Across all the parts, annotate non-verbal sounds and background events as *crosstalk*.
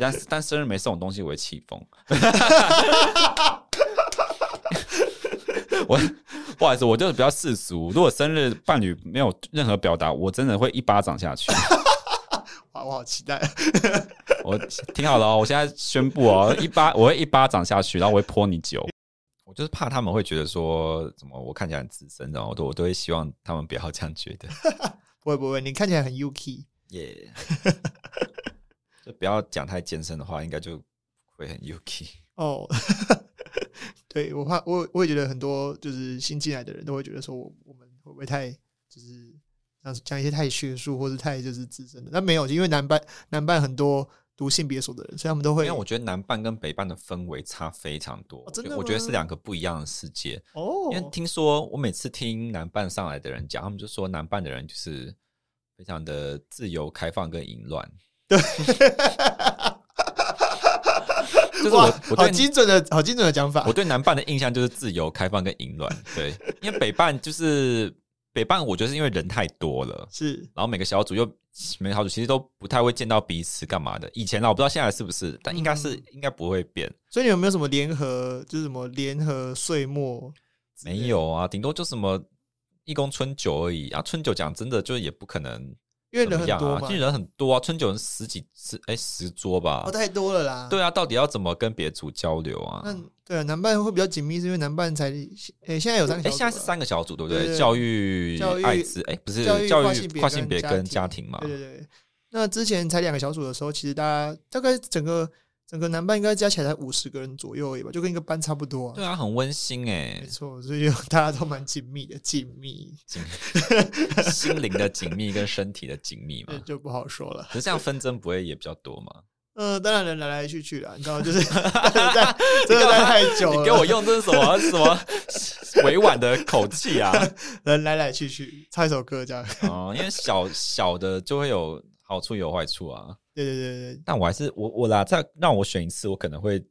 但是但是生日沒送我東西，我會氣瘋。 *laughs* 我不好意思，我就是比較世俗。如果生日伴侶沒有任何表達，我真的會一巴掌下去。哇， *laughs* 我好期待！ *laughs* 我挺好的哦、喔。我現在宣布哦、喔，一巴我會一巴掌下去，然後我會潑你酒。 *laughs* 我就是怕他們會覺得說，怎麼我看起來很資深的，我都我都會希望他們不要這樣覺得。 *laughs* 不會不會，你看起來很 UK 耶。Yeah. *laughs* 不要講太艱深的話，應該就會很 UK 哦。Oh, *laughs* 對我怕我我也覺得很多就是新進來的人都會覺得說，我我們會不會太就是講講一些太學術或者太就是自身的？那沒有，因為南半南半很多讀性別的所的人，所以他們都會。因為我覺得南半跟北半的氛圍差非常多，oh, 真的我，我覺得是兩個不一樣的世界哦、oh.。因為聽說我每次聽南半上來的人講，他們就說南半的人就是非常的自由、開放跟淫亂。對， *laughs* 就是我,我，好精準的，好精準的講法。我對南半的印象就是自由、開放跟淫亂，對，因為北半就是 *laughs* 北半，我覺得是因為人太多了，是，然後每個小組又每個小組其實都不太會見到彼此幹嘛的。以前啊，我不知道現在是不是，但應該是、嗯、應該不會變。所以你有沒有什麼聯合？就是什麼聯合歲末？沒有啊，頂多就什麼義工春酒而已啊。春酒講真的，就是也不可能。因為人很多嘛，啊、人很多、啊，春酒人十幾、十哎十桌吧、哦，太多了啦。對啊，到底要怎麼跟別組交流啊？嗯，對、啊，男伴會,會比較緊密，是因為男伴才誒，現在有三個小組、啊，小現在是三個小組對不對,對？教育、艾滋，哎，不是教育、跨性,性,性別跟家庭嘛？對,對對。那之前才兩個小組的時候，其實大家大概整個。整個男班應該加起來才五十個人左右而已吧，就跟一個班差不多、啊。對啊，很溫馨誒、欸、沒錯，所以大家都蠻緊密的，緊密，緊密，心靈的緊密跟身體的緊密嘛、欸，就不好說了。可是這樣紛爭不會也比較多嗎？呃，當然人來來去去啦，你知道，就是這個待太久了，你給，我你給我用這什麼 *laughs* 什麼委婉的口氣啊？人來來去去，唱一首歌這樣。哦，因為小小的就會有好處，有壞處啊。對對對對，但我還是我我啦，再讓我選一次，我可能會，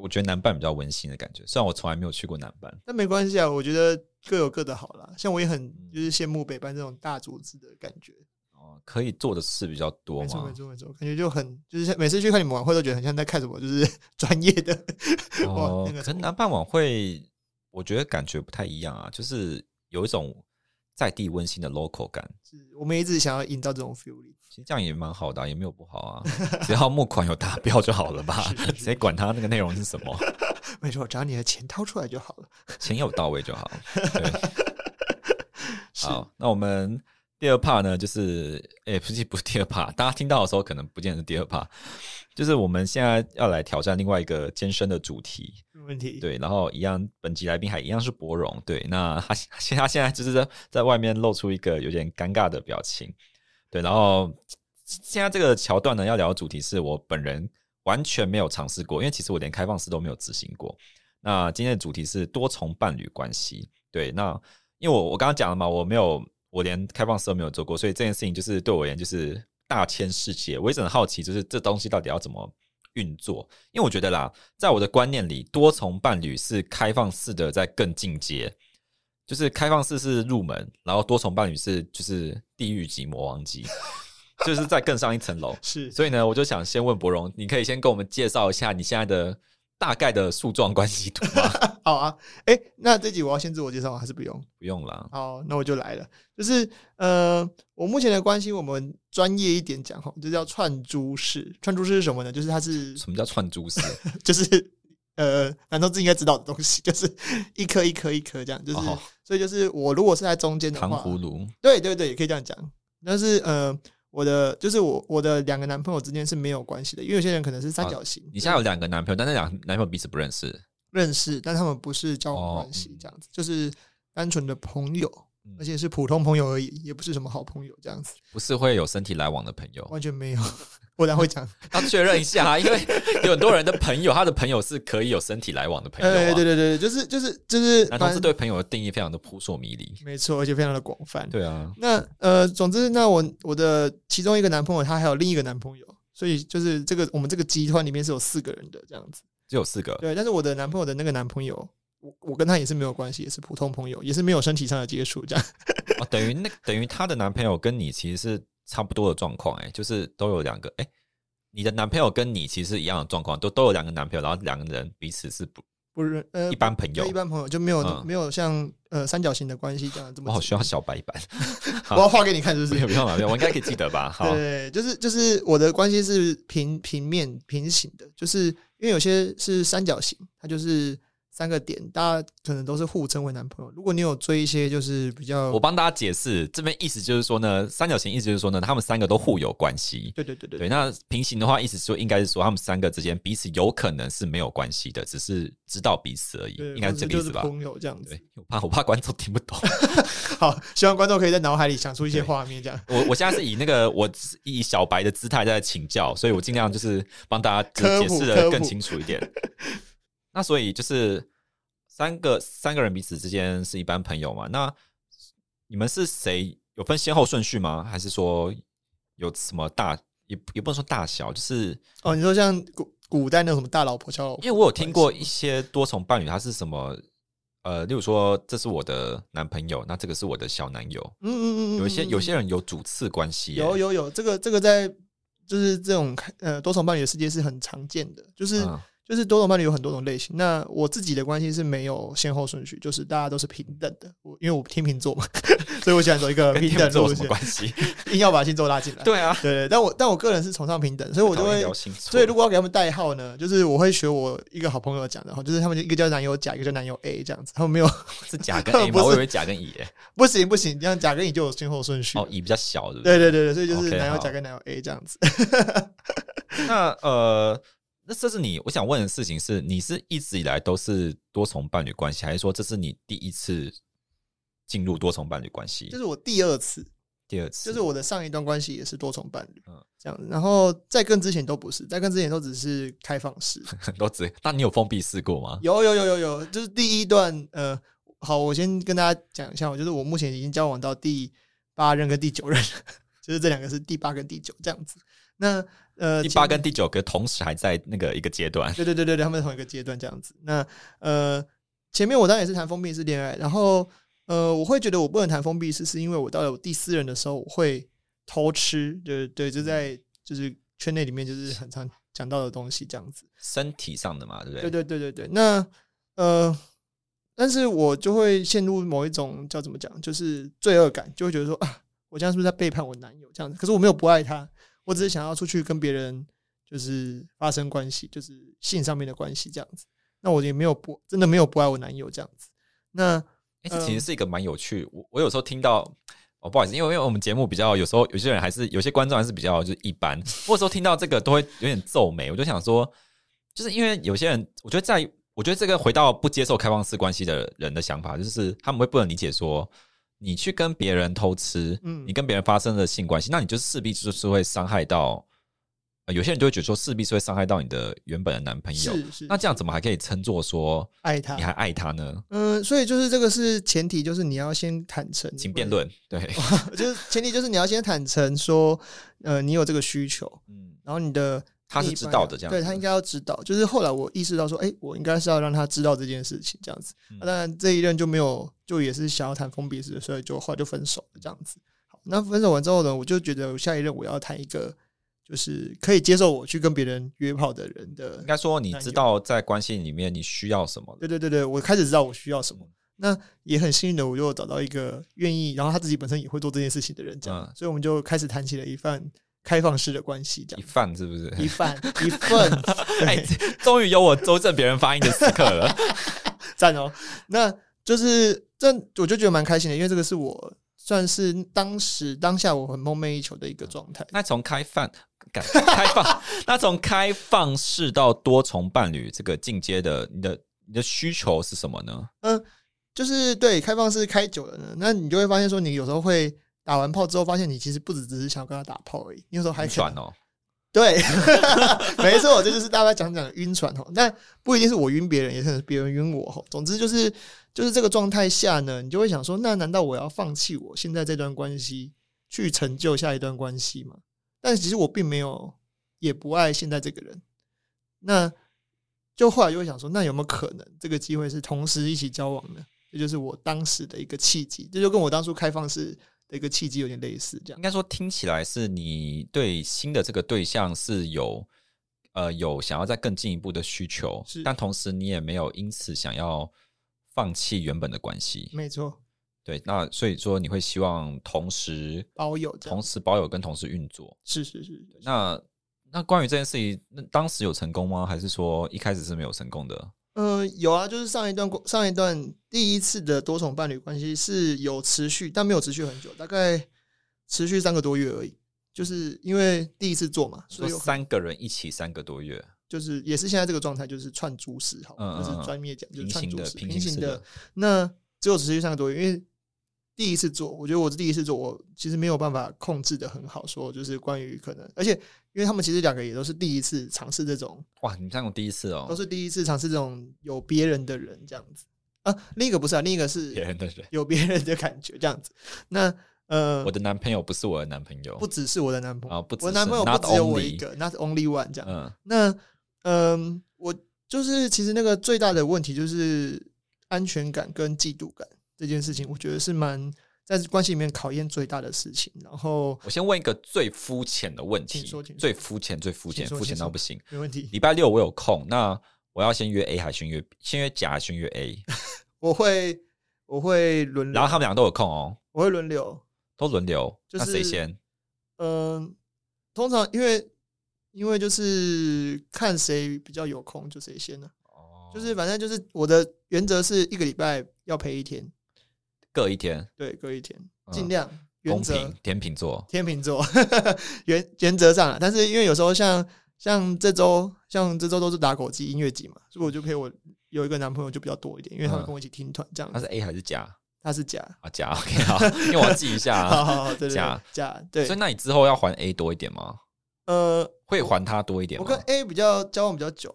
我覺得南辦比較溫馨的感覺，雖然我從來沒有去過南辦。那沒關係啊，我覺得各有各的好啦，像我也很就是羨慕北辦這種大組織的感覺，哦、嗯，可以做的事比較多嘛，沒錯沒錯沒錯，感覺就很就是每次去看你們晚會，都覺得很像在看什麼就是專業的、哦、 *laughs* 哇那個，可能南辦晚會我覺得感覺不太一樣啊，就是有一種。在地溫馨的 local 感，我們一直想要營造這種 feel。其實這樣也蠻好的啊，也沒有不好啊， *laughs* 只要募款有達標就好了吧？ *laughs* 誰管他那個內容是什麼？ *laughs* 沒錯，只要你的錢掏出來就好了，錢 *laughs* 有到位就好了。 *laughs* 好，那我們第二 part 呢，就是誒，不是不是第二 part，大家聽到的時候可能不見得是第二 part，就是我們現在要來挑戰另外一個艱深的主題。問題。對，然後一樣，本期來賓還一樣是博榮，對，那他現他現在就是在外面露出一個有點尷尬的表情，對，然後現在這個橋段呢，要聊的主題是我本人完全沒有嘗試過，因為其實我連開放式都沒有執行過，那今天的主題是多重伴侶關係，對，那因為我我剛剛講了嘛，我沒有，我連開放式都沒有做過，所以這件事情就是對我而言就是大千世界，我也很好奇，就是這東西到底要怎麼。運作，因為我覺得啦，在我的觀念裡，多重伴侶是開放式的，在更進階，就是開放式是入門，然後多重伴侶是就是地獄級魔王級， *laughs* 就是再更上一層樓。是，所以呢，我就想先問柏榮，你可以先跟我們介紹一下你現在的。大概的樹狀關係圖 *laughs* 好啊，哎、欸，那這集我要先自我介紹還是不用？不用了。好，那我就來了。就是呃，我目前的關係，我們專業一點講哈，就叫、是、串珠式。串珠式是什麼呢？就是它是什麼叫串珠式？ *laughs* 就是呃，男同志應該知道的東西，就是一顆一顆一顆這樣，就是、哦、好，所以就是我如果是在中間的話，糖葫蘆，對對對，也可以這樣講。但是呃。我的就是我，我的兩個男朋友之間是沒有關係的，因為有些人可能是三角形。啊，你現在有兩個男朋友，但那兩男朋友彼此不認識？認識，但他們不是交往關係，哦，這樣子就是單純的朋友。而且是普通朋友而已，也不是什麼好朋友這樣子。不是會有身體來往的朋友？完全沒有，我哪會講。 *laughs* 要確認一下，因為有很多人的朋友， *laughs* 他的朋友是可以有身體來往的朋友、啊。對、欸、對對對，就是就是就是，就是、男同事對朋友的定義非常的撲朔迷離。沒錯，而且非常的廣泛。對啊，那呃，總之，那我我的其中一個男朋友，他還有另一個男朋友，所以就是這個我們這個集團裡面是有四個人的這樣子，只有四個。對，但是我的男朋友的那個男朋友。我我跟他也是沒有關係，也是普通朋友，也是沒有身體上的接觸這樣。哦，等於那個、等於她的男朋友跟你其實是差不多的狀況，哎，就是都有兩個，哎、欸，你的男朋友跟你其實一樣的狀況，都都有兩個男朋友，然後兩個人彼此是不不認呃一般朋友，一般朋友就沒有、嗯、沒有像呃三角形的關係這樣這麼、哦。我需要小白板， *laughs* 我要畫給你看就是、啊，是不是？不要不要，我應該可以記得吧？好，對，對，對，就是就是我的關係是平平面平行的，就是因為有些是三角形，它就是。三個點，大家可能都是互稱為男朋友。如果你有追一些，就是比較……我幫大家解釋，這邊意思就是說呢，三角形意思就是說呢，他們三個都互有關係、嗯。對對對對，對。那平行的話，意思就說應該是說他們三個之間彼此有可能是沒有關係的，只是知道彼此而已。應該是這個意思吧？就是、朋友這樣子。我怕我怕觀眾聽不懂。 *laughs* 好，希望觀眾可以在腦海裡想出一些畫面。這樣，我我現在是以那個 *laughs* 我以小白的姿態在請教，所以我儘量就是幫大家解釋得更清楚一點。 *laughs* 那所以就是三個三個人彼此之間是一般朋友嘛？那你們是誰有分先後順序嗎？還是說有什麼大也也不能說大小？就是哦，你說像古古代那種什麼大老婆小老婆？因為我有聽過一些多重伴侶，他是什麼？ *laughs* 呃，例如說，這是我的男朋友，那這個是我的小男友。嗯嗯嗯，有些有些人有主次關係，有有有這個這個在就是這種呃多重伴侶的世界是很常見的，就是。嗯就是多種伴侶有很多種類型。那我自己的關係是沒有先後順序，就是大家都是平等的。我因為我天秤座嘛， *laughs* 所以我喜歡走一個平等的 *laughs* 關係， *laughs* 硬要把星座拉進來。對啊，對，對。但我但我個人是崇尚平等，所以我就會。所以如果要給他們代號呢，就是我會學我一個好朋友講的話，就是他們一個叫男友甲，一個叫男友 A 這樣子。他們沒有是甲跟 A 嗎？我以為甲跟乙欸。 *laughs* 不行不行，這樣甲跟乙就有先後順序。哦，乙比較小是不是？對對對對，所以就是男友甲跟男友 A 這樣子。Okay, *laughs* 那呃。那這是你我想問的事情是，你是一直以來都是多重伴侶關係，還是說這是你第一次進入多重伴侶關係？這、就是我第二次，第二次就是我的上一段關係也是多重伴侶，嗯，這樣，然後在更之前都不是，在更之前都只是開放式， *laughs* 都只。那你有封閉式過嗎？有有有有有，就是第一段呃，好，我先跟大家講一下，我就是我目前已經交往到第八任跟第九任， *laughs* 就是這兩個是第八跟第九這樣子。那呃，第八跟第九個同時還在那個一個階段，對對對對，他們同一個階段這樣子。那呃，前面我當然也是談封閉式戀愛，然後呃，我會覺得我不能談封閉式，是因為我到了我第四人的時候，我會偷吃，對,對對，就在就是圈內裡面就是很常講到的東西這樣子，身體上的嘛，對不對？對對對對對。那呃，但是我就會陷入某一種叫怎麼講，就是罪惡感，就會覺得說啊，我這樣是不是在背叛我男友這樣子？可是我沒有不愛他。我只是想要出去跟別人，就是發生關係，就是性上面的關係這樣子。那我也沒有不真的沒有不愛我男友這樣子。那，欸，這其實是一個蠻有趣。我我有時候聽到哦，不好意思，因為因為我們節目比較有時候有些人還是有些觀眾還是比較就是一般， *laughs* 我有時候聽到這個都會有點皺眉。我就想說，就是因為有些人，我覺得在我覺得這個回到不接受開放式關係的人的想法，就是他們會不能理解說。你去跟別人偷吃，嗯，你跟別人發生了性關係，那你就是勢必就是會傷害到，有些人就會覺得說，勢必是會傷害到你的原本的男朋友。是是，那這樣怎麼還可以稱作說愛他？你還愛他呢？愛他？嗯，所以就是這個是前提，就是你要先坦誠。請辯論，對， *laughs* 就是前提就是你要先坦誠說，呃，你有這個需求，嗯，然後你的。他是知道的，這樣子對他應該要知道。就是後來我意識到說，誒，我應該是要讓他知道這件事情這樣子。那當然這一任就沒有，就也是想要談封閉式，所以就後來就分手了這樣子。好，那分手完之後呢，我就覺得下一任我要談一個就是可以接受我去跟別人約炮的人的。應該說你知道在關係裡面你需要什麼？對對對對，我開始知道我需要什麼、嗯。那也很幸運的，我就找到一個願意，然後他自己本身也會做這件事情的人，這樣，嗯、所以我們就開始談起了一番開放式的關係這樣，一飯是不是？一飯一份，哎，終 *laughs* 於有我糾正別人發音的時刻了，讚 *laughs* 哦！那就是，這我就覺得蠻開心的，因為這個是我算是當時當下我很夢寐以求的一個狀態。嗯，那從開放，開放， *laughs* 那從開放式到多重伴侶這個進階的，你的你的需求是什麼呢？嗯，就是對開放式開久了呢，那你就會發現說，你有時候會。打完炮之後，發現你其實不只只是想跟他打炮而已，你有時候還暈船哦。對，沒錯，這就是大家講講的暈船哦。但不一定是我暈別人，也是別人暈我哦。總之就是就是這個狀態下呢，你就會想說，那難道我要放棄我現在這段關係，去成就下一段關係嗎？但其實我並沒有，也不愛現在這個人。那，就後來就會想說，那有沒有可能這個機會是同時一起交往的？這就是我當時的一個契機，這就跟我當初開放式。一個契機有點類似這樣，應該說聽起來是你對新的這個對象是有呃有想要再更進一步的需求，是，但同時你也沒有因此想要放棄原本的關係，沒錯。對，那所以說你會希望同時保有，同時保有跟同時運作，是是是,是。那那關於這件事情，那當時有成功嗎？還是說一開始是沒有成功的？嗯、呃，有啊，就是上一段過上一段第一次的多重伴侶關係是有持續，但沒有持續很久，大概持續三個多月而已。就是因為第一次做嘛，所以三個人一起三個多月，就是也是現在這個狀態就好好嗯嗯嗯、就是，就是串珠式，哈，就是專業講就是串珠的平行的，那只有持續三個多月，因為。第一次做，我覺得我是第一次做，我其實沒有辦法控制的很好說，說就是關於可能，而且因為他們其實兩個也都是第一次嘗試這種，哇，你看我第一次哦，都是第一次嘗試這種有別人的人這樣子啊，另一個不是啊，另一個是有別人的感覺這樣子，那呃，我的男朋友不是我的男朋友，不只是我的男朋友，哦、我男朋友不只有我一個 Not only.，not only one 這樣子、嗯，那嗯、呃，我就是其實那個最大的問題就是安全感跟嫉妒感。這件事情我覺得是蠻在關係裡面考驗最大的事情。然後我先問一個最膚淺的問題，最膚淺、最膚淺、膚淺到不行。沒問題。禮拜六我有空，那我要先約 A 還是約 B？先約甲還是約 A？ *laughs* 我會我會輪流。然後他們兩個都有空哦，我會輪流，都輪流。就是、那誰先？嗯、呃，通常因為因為就是看誰比較有空，就誰先呢、啊？哦，就是反正就是我的原則是一個禮拜要陪一天。各一天，對，各一天，盡量原則天秤座，天秤座，原 *laughs* 原則上，但是因為有時候像像這週，像這週都是打狗祭音樂節嘛，所以我就陪我有一個男朋友就比較多一點，因為他們跟我一起聽團這樣、嗯。他是 A 還是假？他是假啊假，OK 哈， *laughs* 因為我要記一下、啊 *laughs* 好好對對對，假假對。所以那你之後要還 A 多一點嗎？呃，會還他多一點，我跟 A 比較交往比較久。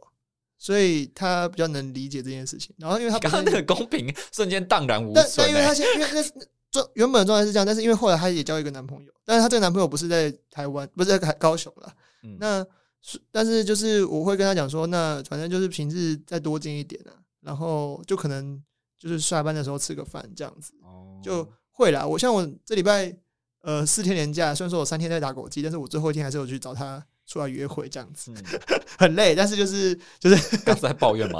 所以他比較能理解這件事情，然後因為他看那個公平瞬間蕩然無存。但但因為他先因為是原本狀態是這樣，但是因為後來他也交一個男朋友，但是他這個男朋友不是在台灣，不是在高雄了。那但是就是我會跟他講說，那反正就是平日再多見一點啊，然後就可能就是下班的時候吃個飯這樣子，就會啦。我像我這禮拜呃四天連假，雖然說我三天在打國際，但是我最後一天還是有去找他。出來約會這樣子，嗯、呵呵很累，但是就是就是剛才抱怨嘛，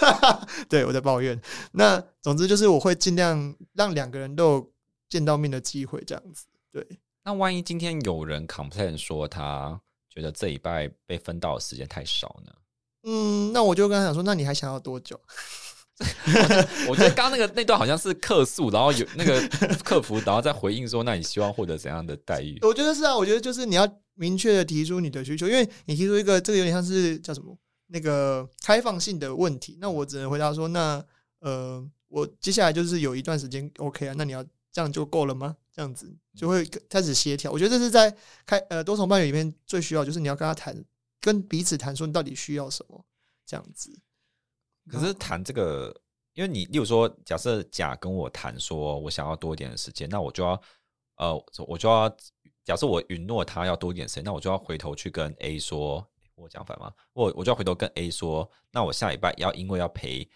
*laughs* 對，我在抱怨。那總之就是我會盡量讓兩個人都有見到面的機會這樣子。對，那萬一今天有人 complain 說他覺得這禮拜被分到的時間太少呢？嗯，那我就跟他講說，那你還想要多久？ *laughs* 我覺得剛剛那個那段好像是客訴，然後有那個客服，然後再回應說：“那你希望獲得怎樣的待遇？”我覺得是啊，我覺得就是你要明確的提出你的需求，因為你提出一個這個有點像是叫什麼那個開放性的問題，那我只能回答說：“那呃，我接下來就是有一段時間 OK 啊，那你要這樣就夠了嗎？這樣子就會開始協調。我覺得這是在開呃多重伴侶裡面最需要，就是你要跟他談，跟彼此談，說你到底需要什麼這樣子。”可是談這個，因為你，例如說，假設甲跟我談說，我想要多一點的時間，那我就要，呃，我就要，假設我允諾他要多一點時間，那我就要回頭去跟 A 說，我講反嗎？我我就要回頭跟 A 說，那我下禮拜要，因為要陪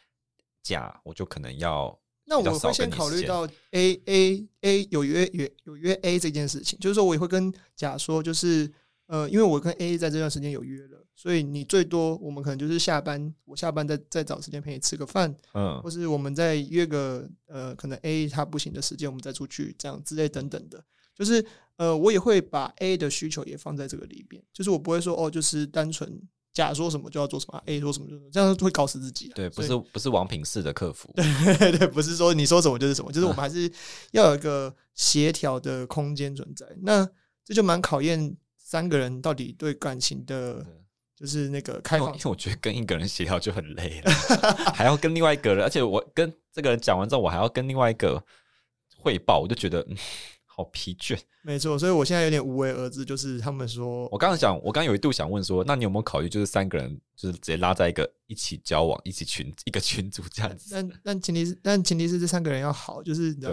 甲，我就可能要。那我會先考慮到 A, A A A 有約有約有約 A 這件事情，就是說我也會跟甲說，就是。呃，因為我跟 A 在這段時間有約了，所以你最多我們可能就是下班，我下班再再找時間陪你吃個飯，嗯，或是我們再約個呃，可能 A 他不行的時間，我們再出去這樣之類等等的，就是呃，我也會把 A 的需求也放在這個裡邊，就是我不會說哦，就是單純假說什麼就要做什麼，嗯、，A 說什麼就什麼，這樣會搞死自己。對，不是不是王品式的客服，對， *laughs* 對，不是說你說什麼就是什麼，就是我們還是要有一個協調的空間存在，啊、那這就蠻考驗。三個人到底對感情的，就是那個開放，因為我覺得跟一個人協調就很累了， *laughs* 還要跟另外一個人，而且我跟這個人講完之後，我還要跟另外一個匯報，我就覺得、嗯、好疲倦。沒錯，所以我現在有點無為而治。就是他們說，我剛剛想，我剛有一度想問說，那你有沒有考慮，就是三個人就是直接拉在一個一起交往，一起群一個群組這樣子？但但前提是，但前提是這三個人要好，就是你知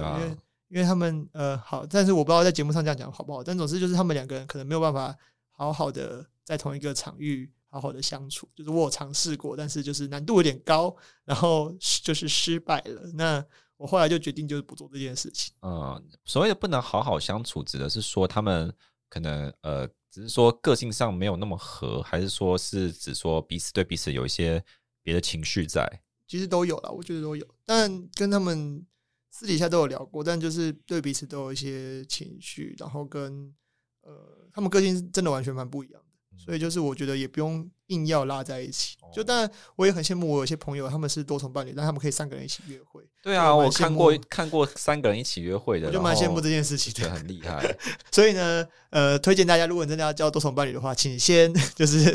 因為他們呃好，但是我不知道在節目上這樣講好不好。但總之就是他們兩個人可能沒有辦法好好的在同一個場域好好的相處。就是我有嘗試過，但是就是難度有點高，然後就是失敗了。那我後來就決定就是不做這件事情。嗯，所謂的不能好好相處，指的是說他們可能呃只是說個性上沒有那麼合，還是說是指說彼此對彼此有一些別的情緒在？其實都有啦。我覺得都有。但跟他們。私底下都有聊過，但就是對彼此都有一些情緒，然後跟呃，他們個性真的完全蠻不一樣的。所以就是，我覺得也不用硬要拉在一起。哦、就但我也很羨慕我有些朋友，他們是多重伴侶，但他們可以三個人一起約會。對啊，我，我看過看過三個人一起約會的，我就蠻羨慕這件事情，就很厲害。 *laughs* 所以呢，呃，推薦大家，如果你真的要交多重伴侶的話，請先就是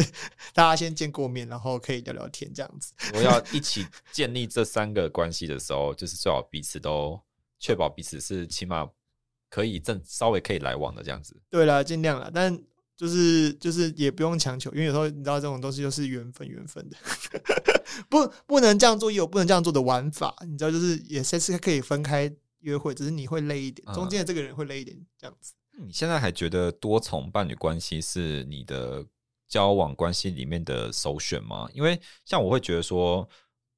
大家先見過面，然後可以聊聊天這樣子。我要一起建立這三個關係的時候， *laughs* 就是最好彼此都確保彼此是起碼可以正稍微可以來往的這樣子，對啦。對啦，盡量啦，但。就是就是也不用強求，因為有時候你知道這種東西就是緣分，緣分的， *laughs* 不不能這樣做，有不能這樣做的玩法，你知道，就是也是可以分開約會，只是你會累一點，嗯、中間的這個人會累一點，這樣子。你現在還覺得多重伴侶關係是你的交往關係裡面的首選嗎？因為像我會覺得說。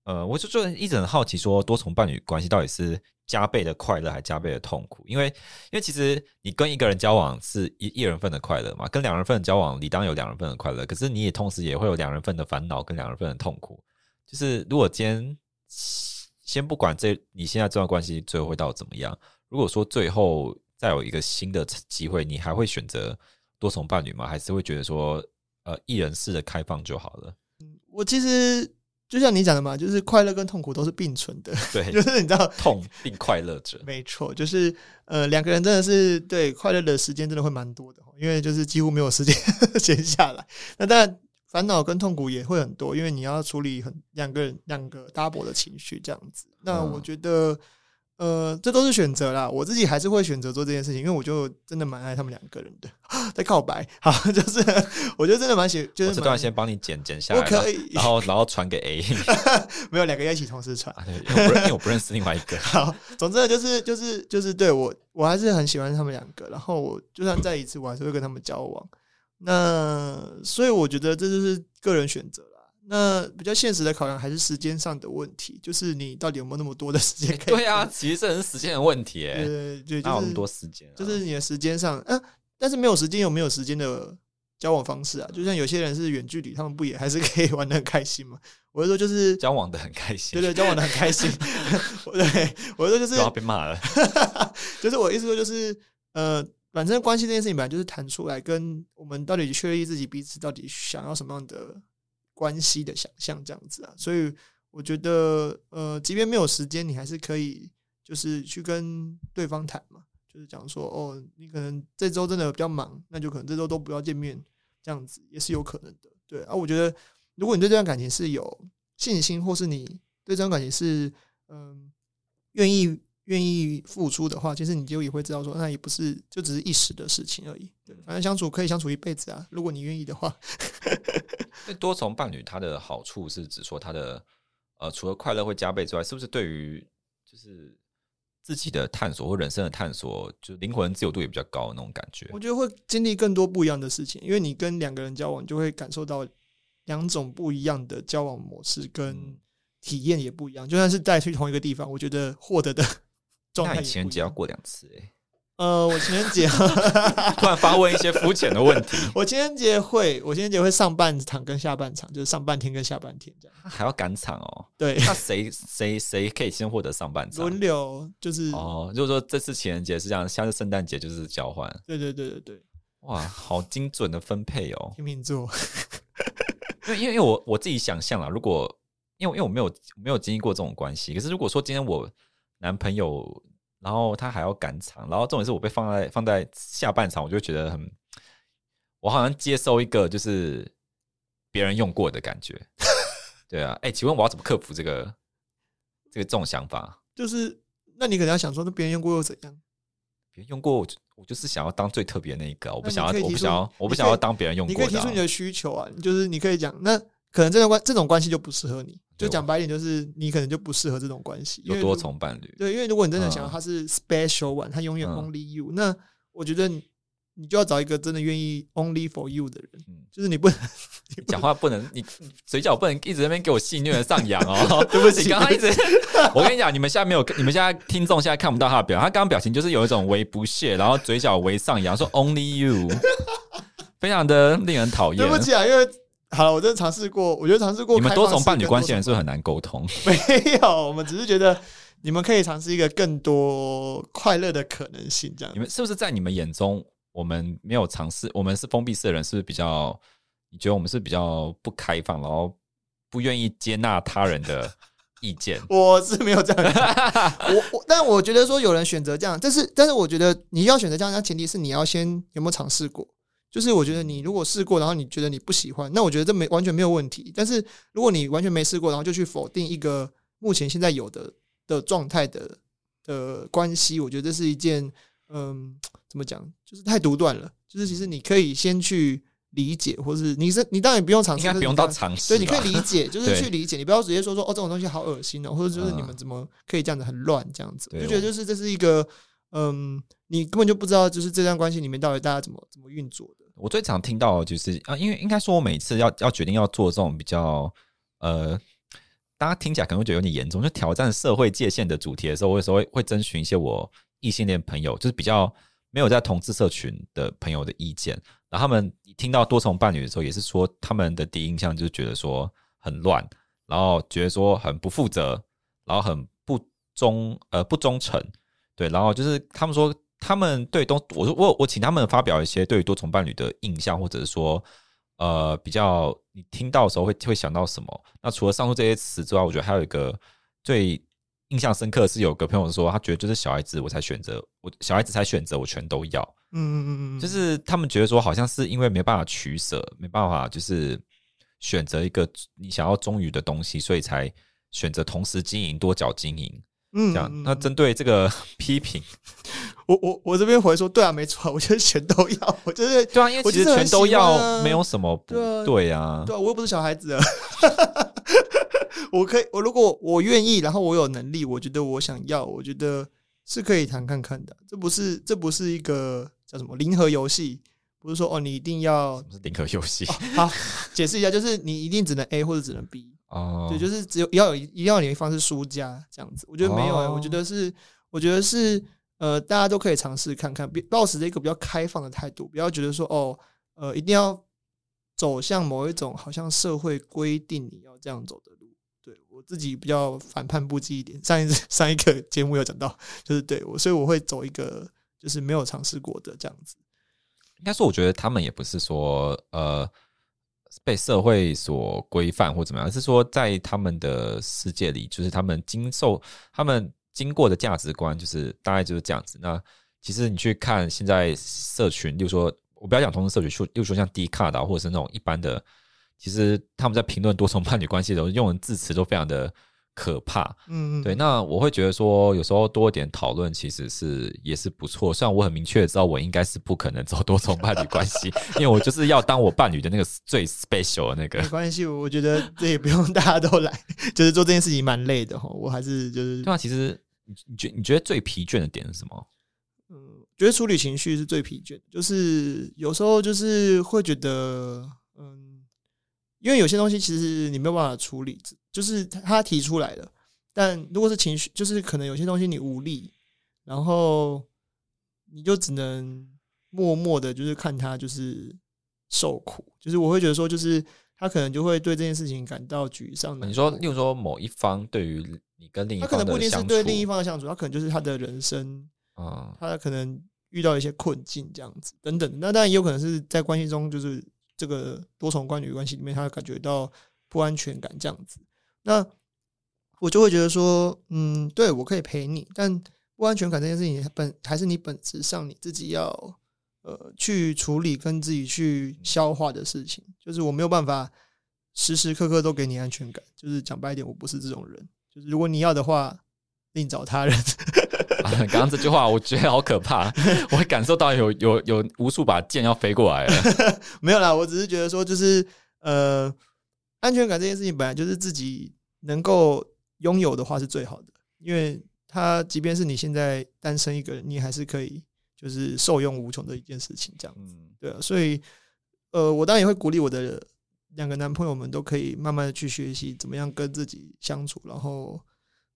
呃，我就就一直很好奇，說多重伴侶關係到底是加倍的快樂，還加倍的痛苦？因為，因為其實你跟一個人交往是一一人份的快樂嘛，跟兩人份的交往，理當有兩人份的快樂，可是你也同時也會有兩人份的煩惱跟兩人份的痛苦。就是如果今天先不管這你現在這段關係最後會到怎麼樣，如果說最後再有一個新的機會，你還會選擇多重伴侶嗎？還是會覺得說，呃，一人式的開放就好了。嗯，我其實。就像你講的嘛，就是快樂跟痛苦都是並存的。對， *laughs* 就是你知道，痛並快樂着。沒錯，就是呃，兩個人真的是對快樂的時間真的會蠻多的，因為就是幾乎沒有時間閒 *laughs* 下來。那當然煩惱跟痛苦也會很多，因為你要處理很兩個人兩個 l e 的情緒這樣子。那我覺得。嗯呃，這都是選擇啦。我自己還是會選擇做這件事情，因為我就真的蠻愛他們兩個人的，在告白。好，就是我就真的蠻喜，就是這段先幫你剪剪下來，可以然後， *laughs* 然後，然後傳給 A， *laughs* 沒有兩個、要、一起同時傳、啊對因，因為我不認識另外一個。 *laughs* 好，總之就是就是就是、就是、對我我還是很喜歡他們兩個。然後我就算再一次， *laughs* 我還是會跟他們交往。那所以我覺得這就是個人選擇了。那比較現實的考量，還是時間上的問題，就是你到底有沒有那麼多的時間可以。對啊，其實這是很時間的問題、欸。對，對，對，就是、有那麼多時間、啊，就是你的時間上嗯、啊，但是沒有時間，有沒有時間的交往方式啊？嗯、就像有些人是遠距離，他們不也還是可以玩的很開心嗎？我就說就是交往的很開心，對對，對，交往的很開心。 *laughs* *laughs* 對，我就說就是要被罵了， *laughs* 就是我意思說就是呃，反正關係這件事情，本來就是談出來，跟我們到底確立自己彼此到底想要什麼樣的關係的想象這樣子啊，所以我覺得呃，即便沒有時間，你還是可以就是去跟對方談嘛，就是講說哦，你可能這週真的比較忙，那就可能這週都不要見面這樣子也是有可能的。對啊，我覺得如果你對這段感情是有信心，或是你對這段感情是嗯願意，呃，願意付出的話，其實你就也會知道說，那也不是就只是一時的事情而已。對，反正相處可以相處一輩子啊，如果你願意的話。 *laughs* 多重伴侶它的好處是，指說他的，呃，除了快樂會加倍之外，是不是對於就是自己的探索或人生的探索，就靈魂自由度也比較高的那種感覺？我覺得會經歷更多不一樣的事情，因為你跟兩個人交往，就會感受到兩種不一樣的交往模式跟體驗也不一樣。嗯、就算是再去同一個地方，我覺得獲得的狀態。那情人節要過兩次、欸呃，我情人節突 *laughs* *laughs* 然發問一些膚淺的問題。 *laughs* 我情人節會，我情人節會上半場跟下半場，就是上半天跟下半天這樣。還要趕場哦？對。那誰誰誰可以先獲得上半場？輪流就是哦，就是說這次情人節是這樣，下次聖誕節就是交換。對,對對對對對。哇，好精準的分配哦！天秤座。 *laughs* 因為因為我我自己想象啦，如果因為因為我沒有我沒有經歷過這種關係，可是如果說今天我男朋友。然後他還要趕場，然後重點是我被放在放在下半場，我就覺得很，我好像接收一個就是別人用過的感覺， *laughs* 對啊，哎、欸，請問我要怎麼克服這個 *laughs* 這個這種想法？就是，那你可能要想說，那別人用過又怎樣？別人用過，我我就是想要當最特別的那一個，我不想要，我不想要，我不想要當別人用過。你可以提出你的需求啊，就是你可以講那。可能這段關這種關係就不適合你。就講白一點，就是你可能就不適合這種關係。有多重伴侶？對，因為如果你真的想要他是 special one、嗯、他永遠 only you。那我覺得你，你就要找一個真的願意 only for you 的人。嗯、就是你不能，講話不能，不能，你嘴角不能一直在那邊給我戲謔的上揚哦。 *laughs* 對不起，剛剛一直 *laughs* 我跟你講，你們現在沒有，你們現在聽眾現在看不到他的表情，他剛剛表情就是有一種微不屑，然後嘴角微上揚，說 only you，非常的令人討厭。對不起啊，因為。好了，我真的嘗試過，我覺得嘗試過。你們多重伴侶關係人是不是很難溝通？ *laughs* 沒有，我們只是覺得你們可以嘗試一個更多快樂的可能性，這樣。你們是不是在你們眼中，我們沒有嘗試，我們是封閉式的人，是不是比較？你覺得我們是比較不開放，然後不願意接納他人的意見？ *laughs* 我是沒有這樣。 *laughs* 我我，但我覺得說有人選擇這樣，但是但是，我覺得你要選擇這樣，那前提是你要先有沒有嘗試過？就是我覺得你如果試過，然後你覺得你不喜歡，那我覺得這沒完全沒有問題。但是如果你完全沒試過，然後就去否定一個目前現在有的的狀態的的關係，我覺得這是一件嗯，怎麼講，就是太獨斷了。就是其實你可以先去理解，或者是你是你當然也不用嘗試，應該不用到嘗試，對，你可以理解，就是去理解。你不要直接說說哦，這種東西好噁心哦，或者就是你們怎麼可以這樣子很亂這樣子，嗯、就覺得就是這是一個嗯，你根本就不知道，就是這段關係裡面到底大家怎麼怎麼運作的。我最常聽到的就是啊、呃，因為應該說，我每次要要決定要做這種比較呃，大家聽起來可能會覺得有點嚴重，就挑戰社會界限的主題的時候，我有時候會會徵詢一些我異性戀朋友，就是比較沒有在同志社群的朋友的意見。然後他們聽到多重伴侶的時候，也是說他們的第一印象就是覺得說很亂，然後覺得說很不負責，然後很不忠呃不忠誠，對，然後就是他們說。他們對多，我我我請他們發表一些對於多重伴侶的印象，或者是說，呃，比較你聽到的時候會會想到什麼？那除了上述這些詞之外，我覺得還有一個最印象深刻的是，有個朋友說他覺得就是小孩子我才選擇，我小孩子才選擇，我全都要。嗯嗯嗯嗯，就是他們覺得說好像是因為沒辦法取捨，沒辦法就是選擇一個你想要忠於的東西，所以才選擇同時經營，多角經營。嗯，這樣，那針對這個批評，我我我這邊回說，對啊，沒錯，我覺得全都要，我就是對啊，因為其實全都要，沒有什麼不對啊，對啊，對啊，我又不是小孩子了， *laughs* 我可以，我如果我願意，然後我有能力，我覺得我想要，我覺得是可以談看看的，這不是這不是一個叫什麼零和遊戲，不是說哦你一定要，不是零和遊戲好， *laughs* 解釋一下，就是你一定只能 A 或者只能 B。哦、oh.，對，就是只有要有一定要有一方是輸家這樣子，我覺得沒有、欸，oh. 我覺得是，我覺得是，呃，大家都可以嘗試看看，抱持一個比較開放的態度，不要覺得說哦，呃，一定要走向某一種好像社會規定你要這樣走的路。對，我自己比較反叛不羈一點，上一次上一個節目有講到，就是對我，所以我會走一個就是沒有嘗試過的這樣子。應該說，我覺得他們也不是說，呃。被社會所規範或怎麼樣，而是說在他們的世界裡，就是他們經受、他們經過的價值觀，就是大概就是這樣子。那其實你去看現在社群，又說我不要講同志社群，說又說像 Dcard 的或者是那種一般的，其實他們在評論多重伴侶關係的時候，用字詞都非常的。可怕，嗯，對，那我會覺得說，有時候多一點討論，其實是也是不錯。雖然我很明確知道，我應該是不可能找多重伴侶關係， *laughs* 因為我就是要當我伴侶的那個最 special 的那個。沒關係，我覺得這也不用大家都來， *laughs* 就是做這件事情蠻累的哈。我還是就是，那其實你你覺你覺得最疲倦的點是什麼？嗯，覺得處理情緒是最疲倦，就是有時候就是會覺得，嗯，因為有些東西其實你沒有辦法處理。就是他提出來的，但如果是情緒，就是可能有些東西你無力，然後你就只能默默的，就是看他就是受苦。就是我會覺得說，就是他可能就會對這件事情感到沮喪的。你說，例如說某一方對於你跟另一方的相處，他可能不一定是對另一方的相處，他可能就是他的人生，嗯，他可能遇到一些困境這樣子，等等。那當然也有可能是在關係中，就是這個多重關係關係裡面，他感覺到不安全感這樣子。那我就會覺得說，嗯，對，我可以陪你，但不安全感這件事情本還是你本質上你自己要呃去處理跟自己去消化的事情。就是我沒有辦法時時刻刻都給你安全感，就是講白一點，我不是這種人。就是如果你要的話，另找他人 *laughs* 、啊。剛剛這句話我覺得好可怕，我會感受到有有有無數把劍要飛過來了。 *laughs* 沒有啦，我只是覺得說，就是呃，安全感這件事情本來就是自己。能夠擁有的話是最好的，因為他即便是你現在單身一個人，你還是可以就是受用無窮的一件事情，這樣子、嗯、對、啊。所以，呃，我當然也會鼓勵我的兩個男朋友們都可以慢慢的去學習怎麼樣跟自己相處，然後，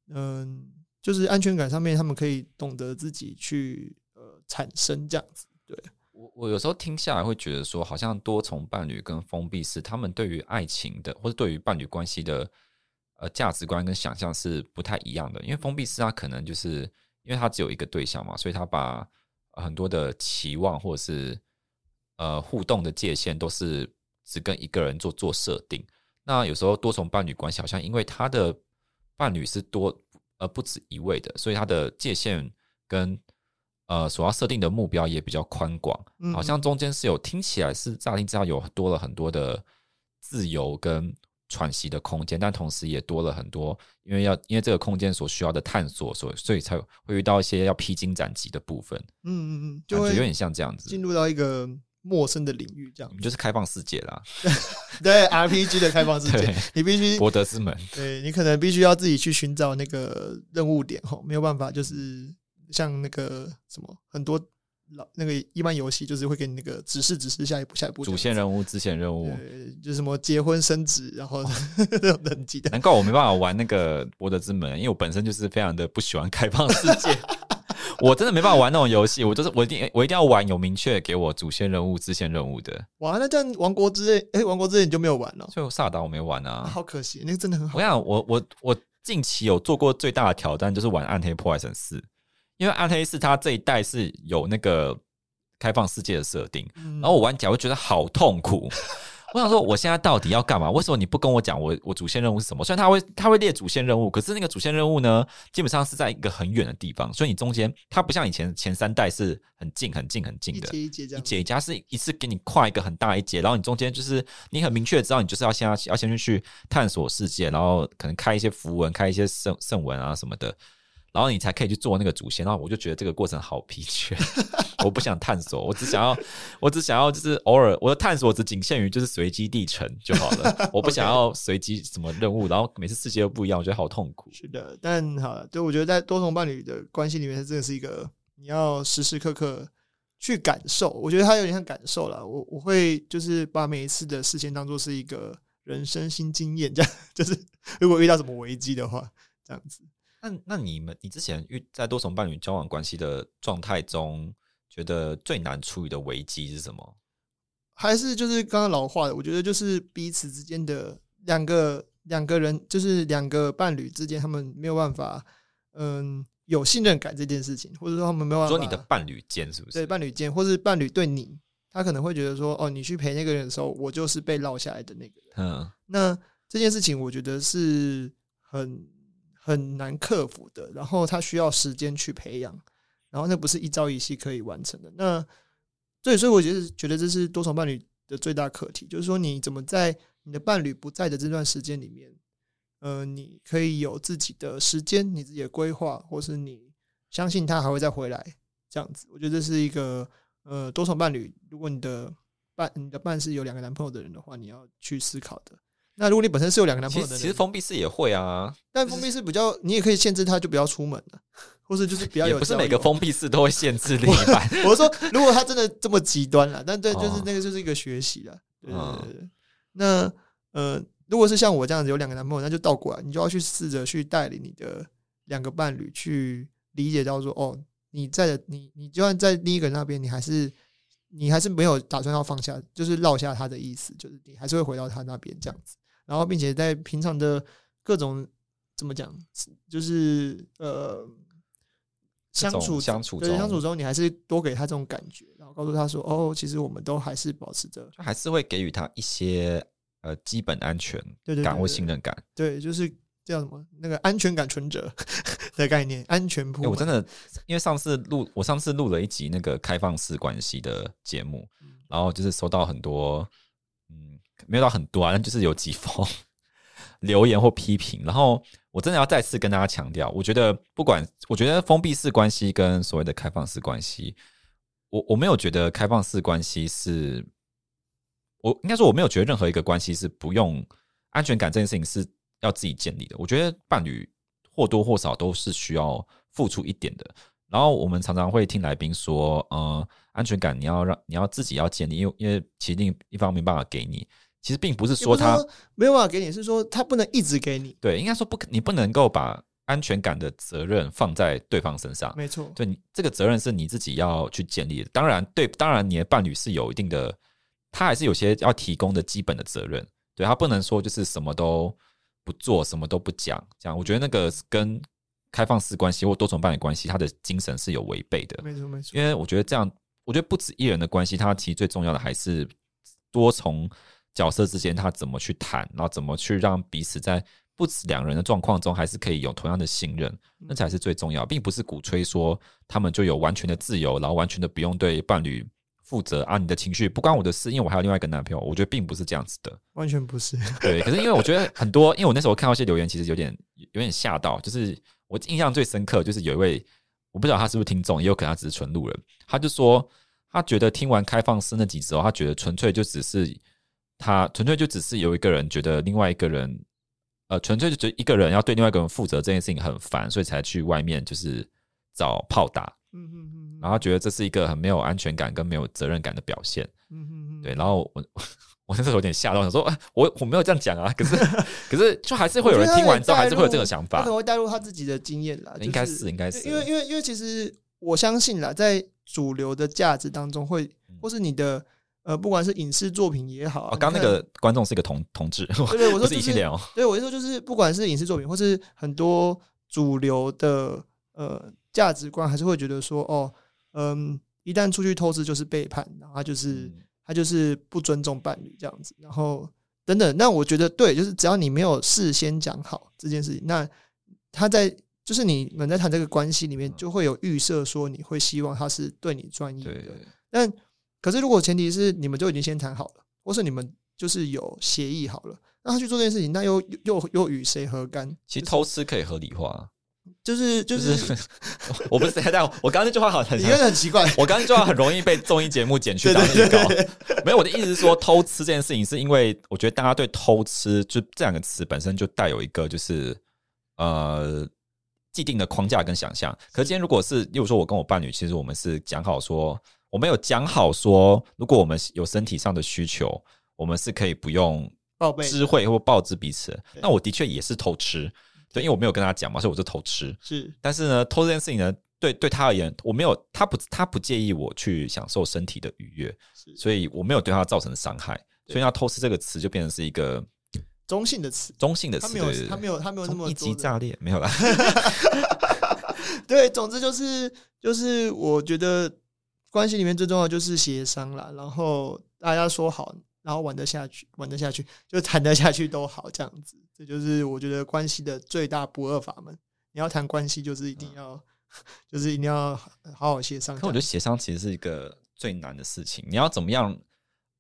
嗯、呃，就是安全感上面他們可以懂得自己去呃產生這樣子。對，我我有時候聽下來會覺得說，好像多重伴侶跟封閉式他們對於愛情的或者對於伴侶關係的。呃，價值觀跟想象是不太一樣的，因為封閉式他可能就是因為他只有一個對象嘛，所以他把、呃、很多的期望或者是呃互動的界限都是只跟一個人做做設定。那有時候多重伴侶關係好像因為他的伴侶是多而、呃、不止一位的，所以他的界限跟呃所要設定的目標也比較寬廣，好像中間是有聽起來是乍聽之下有多了很多的自由跟。喘息的空間，但同時也多了很多，因為要因為這個空間所需要的探索，所以所以才會遇到一些要披荊斬棘的部分。嗯，嗯就會，有點像這樣子，進入到一個陌生的領域，這樣、嗯、就是開放世界啦。 *laughs* 對 RPG 的開放世界，你必須博德之門。對，你可能必須要自己去尋找那個任務點，吼，沒有辦法，就是像那個什麼很多。老那個一般遊戲就是會給你那個指示指示下一步下一步主線任務支線任務對對對，就是什麼結婚生子，然後這種、哦、 *laughs* 的。你記得難怪我沒辦法玩那個《博德之門》，因為我本身就是非常的不喜歡開放世界， *laughs* 我真的沒辦法玩那種遊戲。我就是我一定我一定要玩有明確給我主線任務支線任務的。哇，那這樣《王國之淚》誒、欸，《王國之淚》你就沒有玩了、哦？就《薩達》我沒玩啊,啊，好可惜。那個真的很好。我跟你講我我,我近期有做過最大的挑戰就是玩《暗黑破壞神四》。因為暗黑四，他這一代是有那個開放世界的設定，然後我玩起來會覺得好痛苦。我想說，我現在到底要幹嘛？為什麼你不跟我講我我，主線任務是什麼？雖然他會他會列主線任務，可是那個主線任務呢，基本上是在一個很遠的地方，所以你中間，它不像以前前三代是很近很近很近的，一節一節這樣，一節一家是一次給你跨一個很大一節，然後你中間就是你很明確知道你就是要先要要先去探索世界，然後可能開一些符文，開一些聖聖文啊什麼的。然後你才可以去做那個主線，然後我就覺得這個過程好疲倦， *laughs* *laughs* 我不想探索，我只想要，我只想要就是偶爾我的探索只僅限於就是隨機地城就好了， *laughs* 我不想要隨機什麼任務， *laughs* 然後每次世界都不一樣，我覺得好痛苦。是的，但好了，就我覺得在多重伴侶的關係裡面，它真的是一個你要時時刻刻去感受。我覺得它有點像感受啦。我我會就是把每一次的事情當做是一個人生新經驗，這樣就是如果遇到什麼危機的話，這樣子。那那你們，你之前遇在多重伴侶交往關係的狀態中，覺得最難處理的危機是什麼？還是就是剛剛老話的？我覺得就是彼此之間的兩個兩個人，就是兩個伴侶之間，他們沒有辦法，嗯，有信任感這件事情，或者說他們沒有辦法。說你的伴侶間是不是？對，伴侶間，或是伴侶對你，他可能會覺得說，哦，你去陪那個人的時候，我就是被落下來的那個人。嗯，那這件事情我覺得是很。很難克服的，然後他需要時間去培養，然後那不是一朝一夕可以完成的。那，對，所以所以我覺得覺得這是多重伴侶的最大課題，就是說你怎麼在你的伴侶不在的這段時間裡面，呃，你可以有自己的時間、你自己的規劃，或是你相信他還會再回來這樣子。我覺得這是一個呃多重伴侶，如果你的伴你的伴是有兩個男朋友的人的話，你要去思考的。那如果你本身是有兩個男朋友的人，的，其實封閉式也會啊，但封閉式比較，你也可以限制他就不要出門了，或是就是比較有，也不是每個封閉式都會限制另一半。我說如果他真的這麼極端了，哦、但這就是那個就是一個學習了。對對對、對。哦、那呃，如果是像我這樣子有兩個男朋友，那就倒過來，你就要去試着去帶領你的兩個伴侶去理解到說，哦，你在的你，你就算在另一個人那邊，你還是你還是沒有打算要放下，就是落下他的意思，就是你還是會回到他那邊這樣子。然後，並且在平常的各種怎麼講，就是呃，相處相處對相處中，處中你還是多給他這種感覺，然後告訴他說：“哦，其實我們都還是保持着。”還是會給予他一些呃基本安全，對對，對，對，感和信任感，對，就是叫什麼那個安全感存折的概念，安全撲滿、欸。我真的因為上次錄，我上次錄了一集那個開放式關係的節目，嗯、然後就是收到很多。沒有到很多啊，就是有幾封 *laughs* 留言或批評。然後我真的要再次跟大家強調，我覺得不管我覺得封閉式關係跟所謂的開放式關係，我我沒有覺得開放式關係是，我應該說我沒有覺得任何一個關係是不用安全感這件事情是要自己建立的。我覺得伴侶或多或少都是需要付出一點的。然後我們常常會聽來賓說，嗯、呃，安全感你要讓你要自己要建立，因為因為其實另一方沒辦法給你。其實並不是說他沒有辦法給你，是說他不能一直給你。對，應該說不，你不能夠把安全感的責任放在對方身上。沒錯，對，你這個責任是你自己要去建立的。當然，對，當然你的伴侶是有一定的，他還是有些要提供的基本的責任。對，他不能說就是什麼都不做，什麼都不講。這樣，我覺得那個跟開放式關係或多重伴侶關係，他的精神是有違背的。沒錯，沒錯。因為我覺得這樣，我覺得不止一人的關係，他其實最重要的還是多重。角色之間他怎麼去談，然後怎麼去讓彼此在不止兩人的狀況中，還是可以有同樣的信任，那才是最重要。並不是鼓吹說他們就有完全的自由，然後完全的不用對伴侶負責啊！你的情緒不關我的事，因為我還有另外一個男朋友。我覺得並不是這樣子的，完全不是。對，可是因為我覺得很多，因為我那時候看到一些留言，其實有點有點嚇到。就是我印象最深刻，就是有一位，我不知道他是不是聽眾，也有可能他只是純路人。他就說，他覺得聽完開放式那幾集後，他覺得純粹就只是。他純粹就只是有一個人覺得另外一個人，呃，純粹就覺得一個人要對另外一個人負責這件事情很煩，所以才去外面就是找炮打、嗯哼哼，然後覺得這是一個很沒有安全感跟沒有責任感的表現。嗯、哼哼對，然後我我那時候有點嚇到，我想說，欸、我我沒有這樣講啊。可是 *laughs* 可是就還是會有人聽完之後還是會有這個想法，可能會帶入，入他自己的經驗啦。應該是，應該是，是，因為因為因為其實我相信啦，在主流的價值當中會，或是你的。嗯呃，不管是影視作品也好，剛剛那個觀眾是一個同同志，對我說是一起聊，對，我意思說就是，不管是影視作品，或是很多主流的呃價值觀，還是會覺得說，哦，嗯，一旦出去偷吃就是背叛，然後他就是他就是不尊重伴侶這樣子，然後等等，那我覺得對，就是只要你沒有事先講好這件事情，那他在就是你們在談這個關係裡面，就會有預設說你會希望他是對你專一的，但。可是，如果前提是你們就已經先談好了，或是你們就是有協議好了，那他去做這件事情，那又又又與誰何干？其實偷吃可以合理化，就是就是，就是就是、 *laughs* 我不是在講。我剛剛那句話很很奇怪。我剛剛那句話很容易被綜藝節目剪去打廣告。對對對對 *laughs* 沒有，我的意思是說偷吃這件事情，是因為我覺得大家對偷吃就這兩個詞本身就帶有一個就是呃既定的框架跟想象。可是今天如果是，例如說，我跟我伴侶，其實我們是講好說，我沒有講好說，如果我們有身體上的需求，嗯、我們是可以不用報備、知會或報知彼此。那我的確也是偷吃對，對，因為我沒有跟他講嘛，所以我就偷吃。是，但是呢，偷這件事情呢，對對他而言，我沒有，他不，他不介意我去享受身體的愉悅，所以我沒有對他造成傷害，所以他偷吃這個詞就變成是一個中性的詞，中性的詞，他沒有對對對，他沒有，他沒有那麼一擊炸裂，沒有啦， *laughs* *laughs* 對，總之就是就是我覺得。關係裡面最重要就是協商啦，然後大家說好，然後玩得下去，玩得下去就談得下去都好，這樣子，這就是我覺得關係的最大不二法門。你要談關係，就是一定要，嗯、 *laughs* 就是一定要好好協商。可我覺得協商其實是一個最難的事情。你要怎麼樣？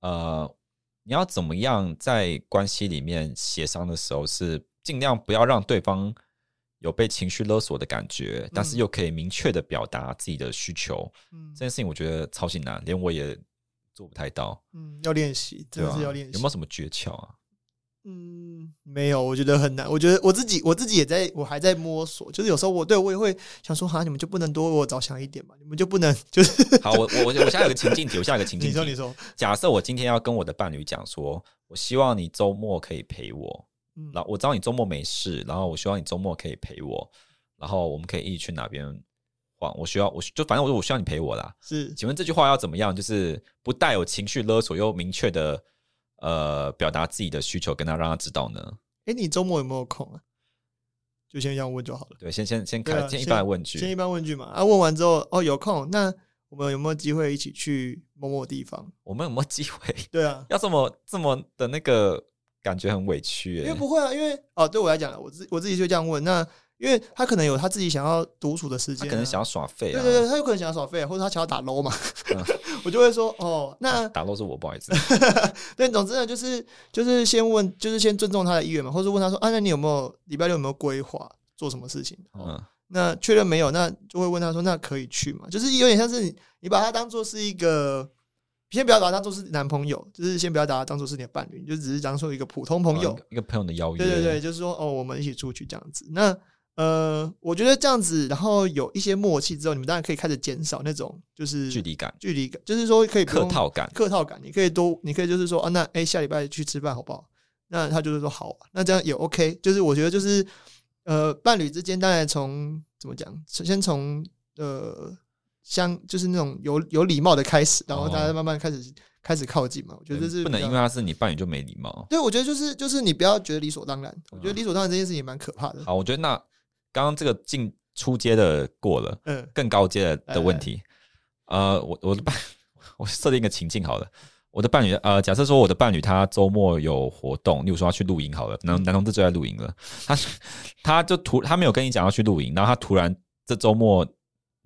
呃，你要怎麼樣在關係裡面協商的時候，是盡量不要讓對方。有被情緒勒索的感覺，但是又可以明確的表達自己的需求，嗯，這件事情我覺得超級難，連我也做不太到。嗯，要練習，對，真的是要練習。有沒有什麼訣竅啊？嗯，沒有，我覺得很難。我覺得我自己，我自己也在我還在摸索。就是有時候我對我也會想說好像你們就不能多為我着想一點嘛，你們就不能就是……好，我我我，現在有個情境題，我下一個情境我下一個情境題。你說你說，假設我今天要跟我的伴侶講說，我希望你周末可以陪我。嗯、然我知道你周末沒事，然後我希望你周末可以陪我，然後我們可以一起去哪邊逛。我需要，我就反正我我需要你陪我啦。是，請問這句話要怎麼樣？就是不帶有情緒勒索，又明確的呃表達自己的需求，跟他讓他知道呢？誒，你周末有沒有空啊？就先這樣問就好了。對，先先先開、啊、先一般問句先，先一般問句嘛。啊，問完之後，哦，有空，那我們有沒有機會一起去某某地方？我們有沒有機會？對啊，要這麼這麼的那個。感覺很委屈、欸，因為不會啊，因為哦，對我來講，我自我自己就這樣問，那因為他可能有他自己想要獨處的時間、啊，他可能想要耍廢、啊，對對對，他有可能想要耍廢、啊，或者他想要打 low 嘛，嗯、 *laughs* 我就會說哦，那、啊、打 low 是我不好意思， *laughs* 對總之呢，就是就是先問，就是先尊重他的意願嘛，或者問他說啊，那你有沒有禮拜六有沒有規劃做什麼事情？嗯、哦，那確認沒有，那就會問他說，那可以去嘛？就是有點像是你，你把他當做是一個。先不要把它當做是男朋友，就是先不要把它當做是你的伴侶，就只是當做一個普通朋友、啊，一個朋友的邀約。對對對，就是說哦，我們一起出去這樣子。那呃，我覺得這樣子，然後有一些默契之後，你們當然可以開始減少那種就是距離感，距離感，就是說可以客套感，客套感，你可以多，你可以就是說啊，那哎、欸，下禮拜去吃飯好不好？那他就是說好、啊，那這樣也 OK。就是我覺得就是呃，伴侶之間當然從怎麼講，先從呃。像就是那種有有禮貌的開始，然後大家慢慢開始、哦、開始靠近嘛。我覺得這是不能因為他是你伴侶就沒禮貌。對，我覺得就是就是你不要覺得理所當然。嗯、我覺得理所當然這件事情蠻可怕的。好，我覺得那剛剛這個進初階的過了，嗯，更高階的的問題。呃，我我的伴，我設定一個情境好了，我的伴侶，呃，假設說我的伴侶他周末有活動，例如說他去露營好了，男男同志最愛露營了，他他就突他沒有跟你講要去露營，然後他突然這周末。